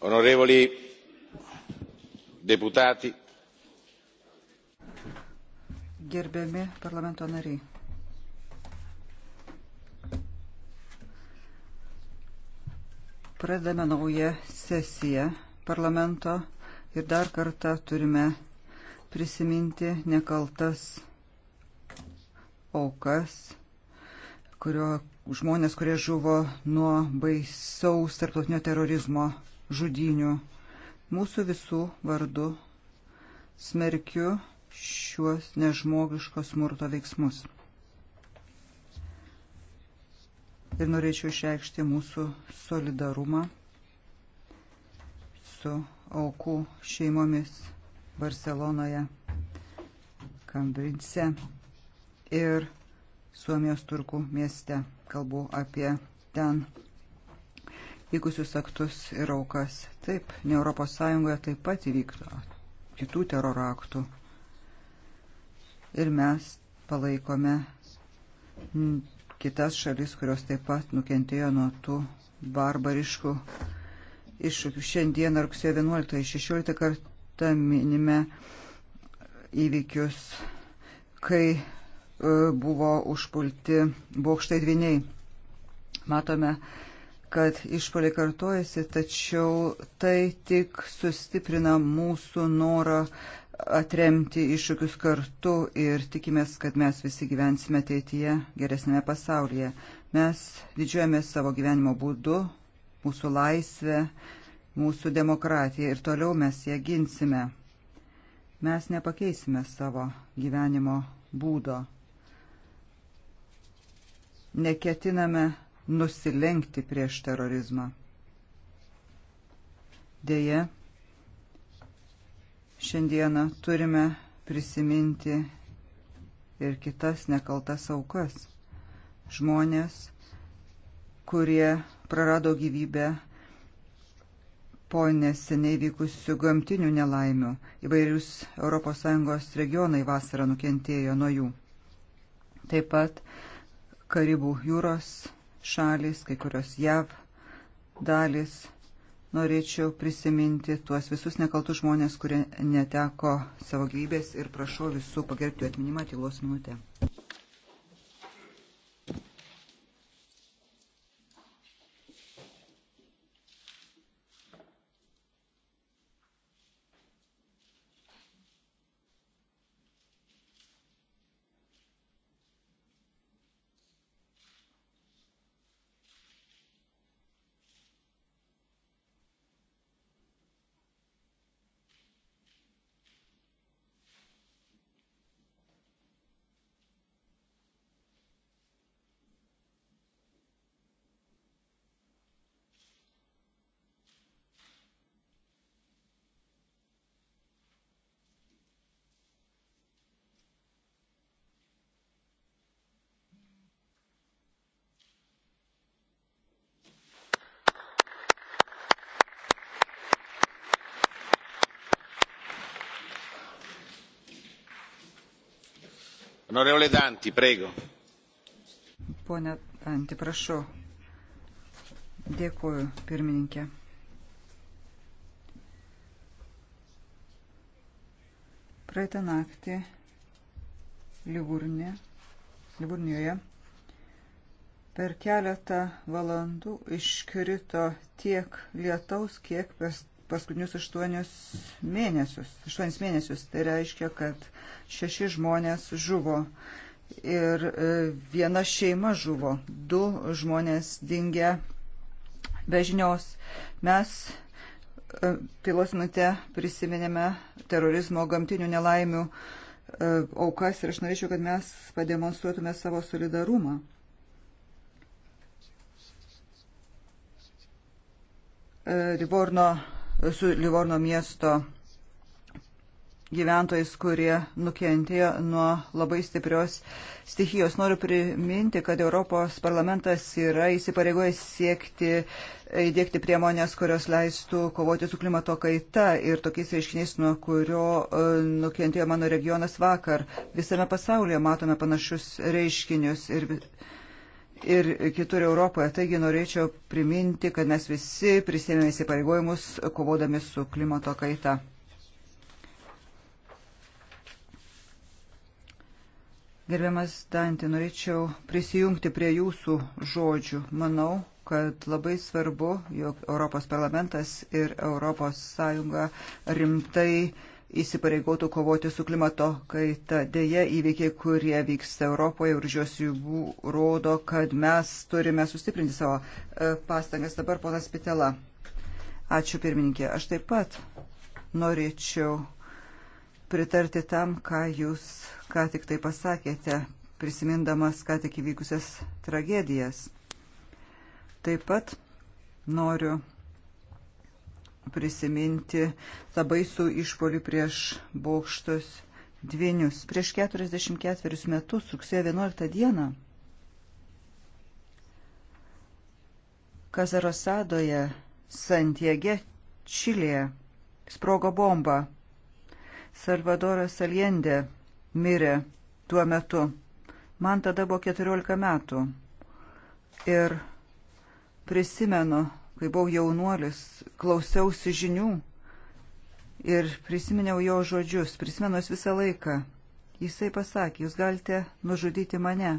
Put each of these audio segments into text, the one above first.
onorevoli deputati gerbiami parlamento nariai pradedame naują sesiją parlamento ir dar kartą turime prisiminti nekaltas aukas kurio žmonės, kurie žuvo nuo baisaus tarptautinio terorizmo žudinių. Mūsų visų vardu smerkiu šiuos nežmogiško smurto veiksmus. Ir norėčiau išreikšti mūsų solidarumą su aukų šeimomis Barcelonoje, Kambrinse ir Suomijos turkų mieste. Kalbu apie ten vykusius aktus ir aukas. Taip, ne Europos Sąjungoje taip pat įvyktų kitų teroro aktų. Ir mes palaikome kitas šalis, kurios taip pat nukentėjo nuo tų barbariškų iššūkių. Šiandien rugsėjo 11-16 kartą minime įvykius, kai e, buvo užpulti bokštai dviniai. Matome, kad išpoliai kartojasi, tačiau tai tik sustiprina mūsų norą atremti iššūkius kartu ir tikimės, kad mes visi gyvensime ateityje geresnėme pasaulyje. Mes didžiuojamės savo gyvenimo būdu, mūsų laisvę, mūsų demokratiją ir toliau mes ją ginsime. Mes nepakeisime savo gyvenimo būdo. Neketiname nusilenkti prieš terorizmą. Deja, šiandieną turime prisiminti ir kitas nekaltas aukas. Žmonės, kurie prarado gyvybę po neseniai vykusių gamtinių nelaimių. Įvairius ES regionai vasarą nukentėjo nuo jų. Taip pat Karibų jūros šalis, kai kurios JAV dalis. Norėčiau prisiminti tuos visus nekaltus žmonės, kurie neteko savo gyvybės ir prašau visų pagerbti atminimą tylos minutę. Honorevole Danti, prego. Pone Danti, prašau. Dėkuoju, pirmininkė. Praeitą naktį Ligurnė, Ligurnijoje per keletą valandų iškrito tiek lietaus, kiek per paskutinius aštuonius mėnesius. Aštuonis mėnesius. Tai reiškia, kad šeši žmonės žuvo ir e, viena šeima žuvo. Du žmonės dingė be žinios. Mes e, pilos minutę prisiminėme terorizmo gamtinių nelaimių e, aukas ir aš norėčiau, kad mes pademonstruotume savo solidarumą. Livorno su Livorno miesto gyventojais, kurie nukentėjo nuo labai stiprios stichijos. Noriu priminti, kad Europos parlamentas yra įsipareigojęs siekti įdėkti priemonės, kurios leistų kovoti su klimato kaita ir tokiais reiškiniais, nuo kurio e, nukentėjo mano regionas vakar. Visame pasaulyje matome panašius reiškinius ir ir kitur Europoje. Taigi norėčiau priminti, kad mes visi prisėmėme įsipareigojimus kovodami su klimato kaita. Gerbiamas Dantį, norėčiau prisijungti prie jūsų žodžių. Manau, kad labai svarbu, jog Europos parlamentas ir Europos Sąjunga rimtai įsipareigotų kovoti su klimato kaita. Deja, įveikiai, kurie vyksta Europoje ir už jos ribų, rodo, kad mes turime sustiprinti savo e, pastangas. Dabar ponas Pitela. Ačiū pirmininkė. Aš taip pat norėčiau pritarti tam, ką jūs ką tik tai pasakėte, prisimindamas ką tik įvykusias tragedijas. Taip pat noriu prisiminti labai su išpoliu prieš bokštus dvinius. Prieš 44 metus, rugsėjo 11 dieną, Kazarosadoje, Santiege, Čilėje sprogo bomba. Salvadoras Aliendė mirė tuo metu. Man tada buvo 14 metų. Ir prisimenu kai buvau jaunuolis, klausiausi žinių ir prisiminiau jo žodžius, prisimenu juos visą laiką. Jisai pasakė, jūs galite nužudyti mane,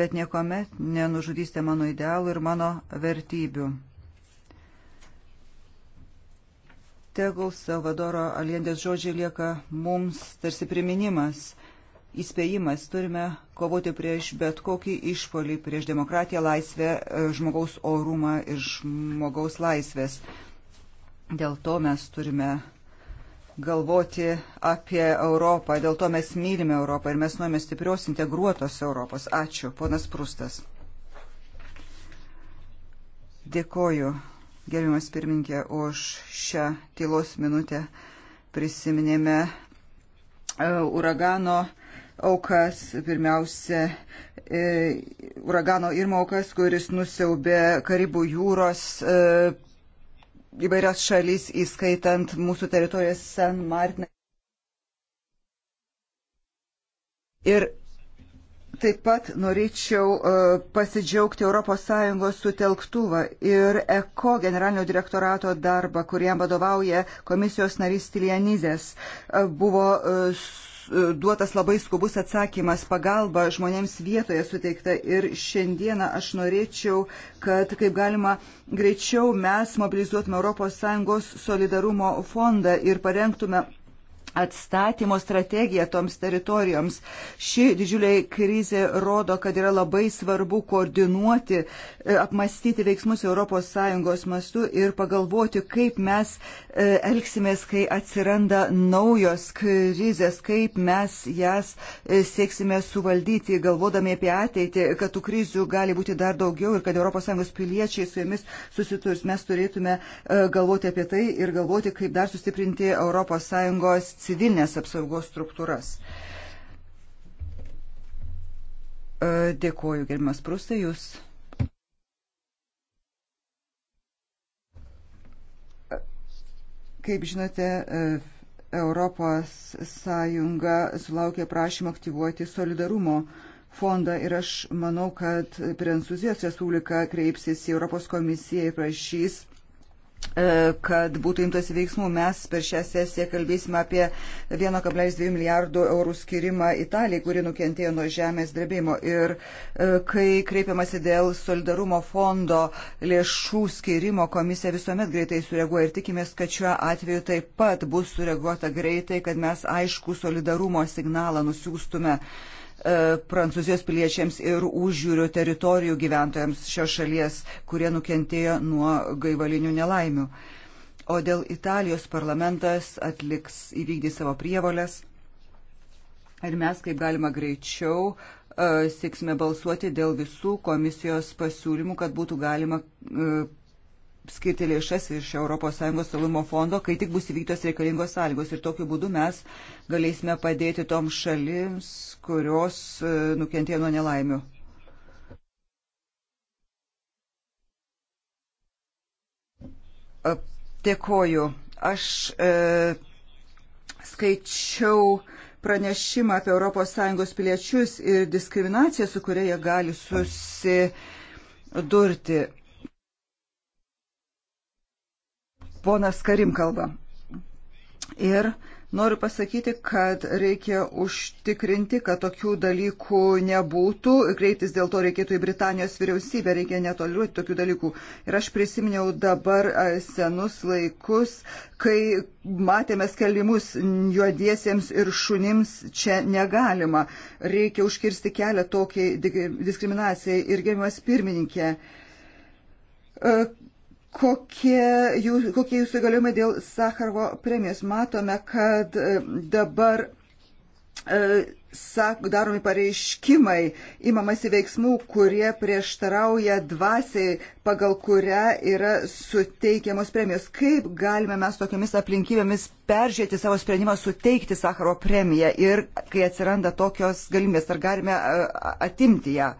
bet niekuomet nenužudysite mano idealų ir mano vertybių. Tegul Salvadoro Aliendės žodžiai lieka mums tarsi priminimas – įspėjimas. Turime kovoti prieš bet kokį išpolį, prieš demokratiją, laisvę, e, žmogaus orumą ir žmogaus laisvės. Dėl to mes turime galvoti apie Europą, dėl to mes mylime Europą ir mes norime stiprios integruotos Europos. Ačiū, ponas Prustas. Dėkoju, gerbiamas pirminkė, už šią tylos minutę prisiminėme e, uragano aukas, pirmiausia, e, uragano Irma aukas, kuris nusiaubė Karibų jūros e, įvairias šalis, įskaitant mūsų teritoriją San Martiną. Ir taip pat norėčiau e, pasidžiaugti ES sutelktuvą ir ECO generalinio direktorato darbą, kuriam vadovauja komisijos narys Tilianizės. Buvo E, duotas labai skubus atsakymas, pagalba žmonėms vietoje suteikta ir šiandieną aš norėčiau, kad kaip galima greičiau mes mobilizuotume ES solidarumo fondą ir parengtume atstatymo strategiją toms teritorijoms. Ši didžiulė krizė rodo, kad yra labai svarbu koordinuoti, e, apmastyti veiksmus ES mastu ir pagalvoti, kaip mes e, elgsimės, kai atsiranda naujos krizės, kaip mes jas e, sieksime suvaldyti, galvodami apie ateitį, kad tų krizių gali būti dar daugiau ir kad ES piliečiai su jomis susiturs. Mes turėtume galvoti apie tai ir galvoti, kaip dar sustiprinti ES civilinės apsaugos struktūras. E, Dėkuoju, gerbimas Prusai, jūs. Kaip žinote, e, Europos Sąjunga sulaukė prašymą aktyvuoti solidarumo fondą ir aš manau, kad Prancūzijos Respublika kreipsis į Europos komisiją ir prašys E, kad būtų imtas veiksmų. Mes per šią sesiją kalbėsime apie 1,2 milijardų eurų skirimą Italijai, kuri nukentėjo nuo žemės drebėjimo. Ir e, kai kreipiamasi dėl solidarumo fondo lėšų skirimo, komisija visuomet greitai sureaguoja ir tikimės, kad šiuo atveju taip pat bus sureaguota greitai, kad mes aišku solidarumo signalą nusiųstume E, prancūzijos piliečiams ir užjūrio teritorijų gyventojams šios šalies, kurie nukentėjo nuo gaivalinių nelaimių. O dėl Italijos parlamentas atliks įvykdyti savo prievolės ir mes kaip galima greičiau e, sėksime balsuoti dėl visų komisijos pasiūlymų, kad būtų galima e, skirti lėšas iš ES stabilumo fondo, kai tik bus įvyktos reikalingos sąlygos. Ir tokiu būdu mes galėsime padėti toms šalims, kurios e, nukentėjo nuo nelaimių. E, dėkoju. Aš e, skaičiau pranešimą apie ES piliečius ir diskriminaciją, su kuria jie gali susidurti ponas Karim kalba. Ir noriu pasakyti, kad reikia užtikrinti, kad tokių dalykų nebūtų. Kreiptis dėl to reikėtų į Britanijos vyriausybę, reikia netoliuoti tokių dalykų. Ir aš prisiminiau dabar senus laikus, kai matėme skelbimus juodiesiems ir šunims čia negalima. Reikia užkirsti kelią tokiai diskriminacijai ir gerimas pirmininkė Kokie, jūs, kokie jūsų įgaliojimai dėl Sakarvo premijos? Matome, kad e, dabar e, sak, daromi pareiškimai, imamasi veiksmų, kurie prieštarauja dvasiai, pagal kurią yra suteikiamos premijos. Kaip galime mes tokiamis aplinkybėmis peržiūrėti savo sprendimą suteikti Sakaro premiją ir kai atsiranda tokios galimybės, ar galime e, atimti ją?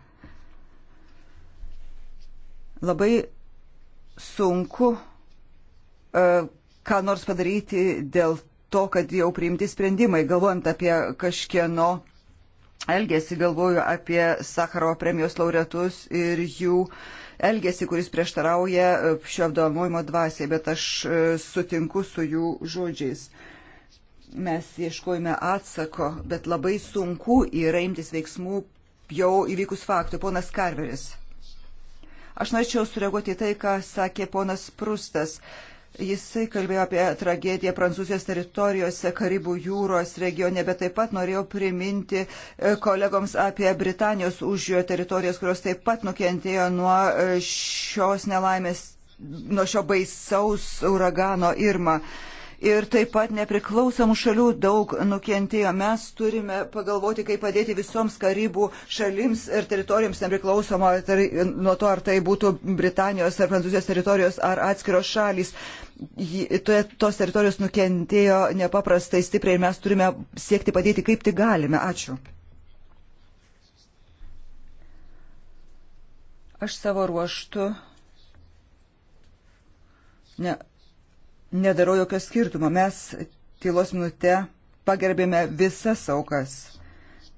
Labai sunku e, ką nors padaryti dėl to, kad jau priimti sprendimai, galvojant apie kažkieno elgesį, galvoju apie Sakarovo premijos laureatus ir jų elgesį, kuris prieštarauja šio apdovanojimo dvasiai, bet aš e, sutinku su jų žodžiais. Mes ieškojame atsako, bet labai sunku yra imtis veiksmų jau įvykus faktui. Ponas Karveris. Aš norėčiau sureaguoti į tai, ką sakė ponas Prustas. Jisai kalbėjo apie tragediją Prancūzijos teritorijose, Karibų jūros regione, bet taip pat norėjau priminti e, kolegoms apie Britanijos užjo teritorijas, kurios taip pat nukentėjo nuo e, šios nelaimės, nuo šio baisaus uragano Irma ir taip pat nepriklausomų šalių daug nukentėjo. Mes turime pagalvoti, kaip padėti visoms Karibų šalims ir teritorijoms nepriklausomą tai nuo to, ar tai būtų Britanijos ar Prancūzijos teritorijos ar atskiros šalys. Tos teritorijos nukentėjo nepaprastai stipriai ir mes turime siekti padėti, kaip tik galime. Ačiū. Aš savo ruoštų. Ne, nedarau jokio skirtumo. Mes tylos minutę pagerbėme visas aukas,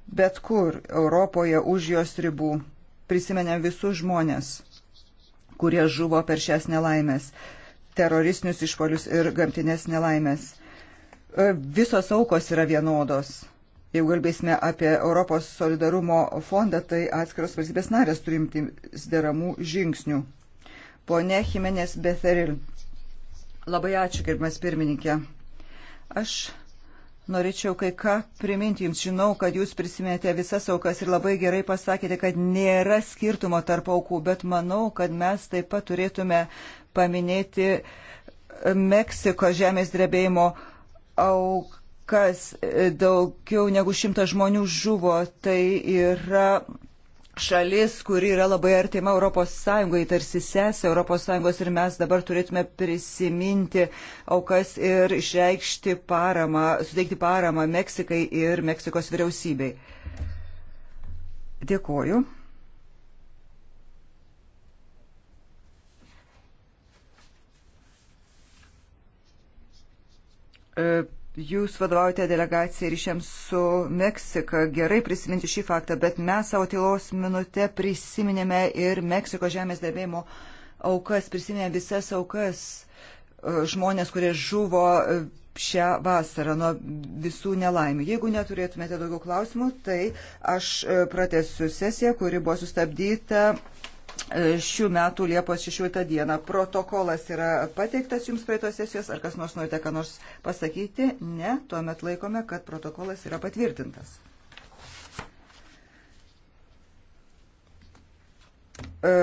bet kur Europoje už jos ribų. Prisimenėm visus žmonės, kurie žuvo per šias nelaimės, teroristinius išpolius ir gamtinės nelaimės. E, visos aukos yra vienodos. Jeigu kalbėsime apie Europos solidarumo fondą, tai atskiros valstybės narės turimtis deramų žingsnių. Pone Jimenės Beferil, Labai ačiū, gerbimas pirmininkė. Aš Norėčiau kai ką priminti jums. Žinau, kad jūs prisiminėte visas aukas ir labai gerai pasakėte, kad nėra skirtumo tarp aukų, bet manau, kad mes taip pat turėtume paminėti Meksiko žemės drebėjimo aukas. Daugiau negu šimtas žmonių žuvo. Tai yra šalis, kuri yra labai artima Europos Sąjungoje, tarsi sesė Europos Sąjungos ir mes dabar turėtume prisiminti aukas ir išreikšti paramą, suteikti paramą Meksikai ir Meksikos vyriausybei. Dėkoju. E, Jūs vadovaujate delegaciją ryšiams su Meksika. Gerai prisiminti šį faktą, bet mes savo tylos minutę prisiminėme ir Meksiko žemės drebėjimo aukas, prisiminėme visas aukas e, žmonės, kurie žuvo e, šią vasarą nuo visų nelaimių. Jeigu neturėtumėte daugiau klausimų, tai aš e, pratęsiu sesiją, kuri buvo sustabdyta E, šių metų Liepos 16 dieną. Protokolas yra pateiktas jums praeitos sesijos, ar kas nors norite ką nors pasakyti? Ne, tuomet laikome, kad protokolas yra patvirtintas. E,